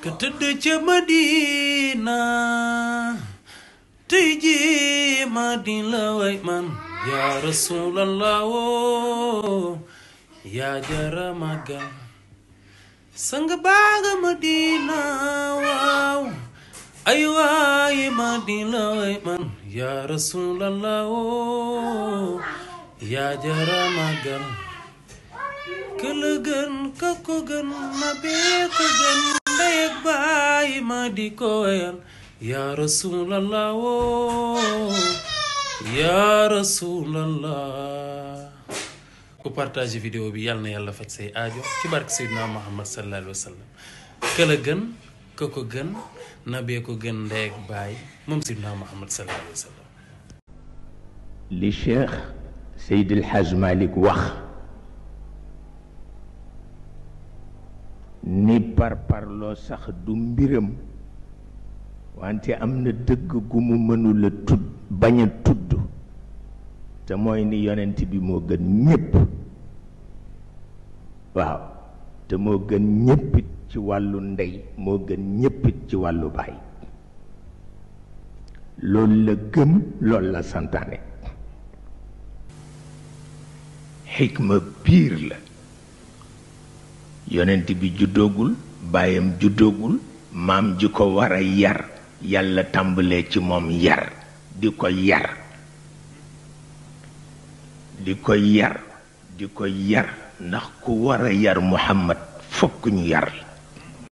Kedede Madinah Tiji Madinah Waitman Ya Rasulullah oh. Ya jaramaga, Sanggabaga Madinah wow. ayu Madinah Waitman Ya Rasulullah oh. Ya jaramaga, maga Kelegan kakogan nabe kogan ma di ko wayal ya rasulallah woo oh. ya rasulallah ku partage vidéo bi yàlla na yàlla faj say aajo ci barke Seydina Muhammad sallallahu alayhi wa sallam këla gën ka ko gën nabee ko gën ndeeg baay moom Seydina Muhammad sallallahu alayhi wa sallam li Cheikh Seydi El Hadj Malick wax ni parparloo sax du mbiram wante am na dëgg gu mu mënula tudd bañ a tudd te mooy ni yonent bi moo gën ñépp waaw te moo gën ñéppit ci wàllu ndey moo gën ñéppit ci wàllu baay loolu la gëm loolu la santaane xikma piir la yonent bi juddoogul baayam juddoogul maam ji ko war a yar yàlla tàmbalee ci moom yar di ko yar di koy yar di koy yar ndax ku war a yar Muhammad fokk ñu yar la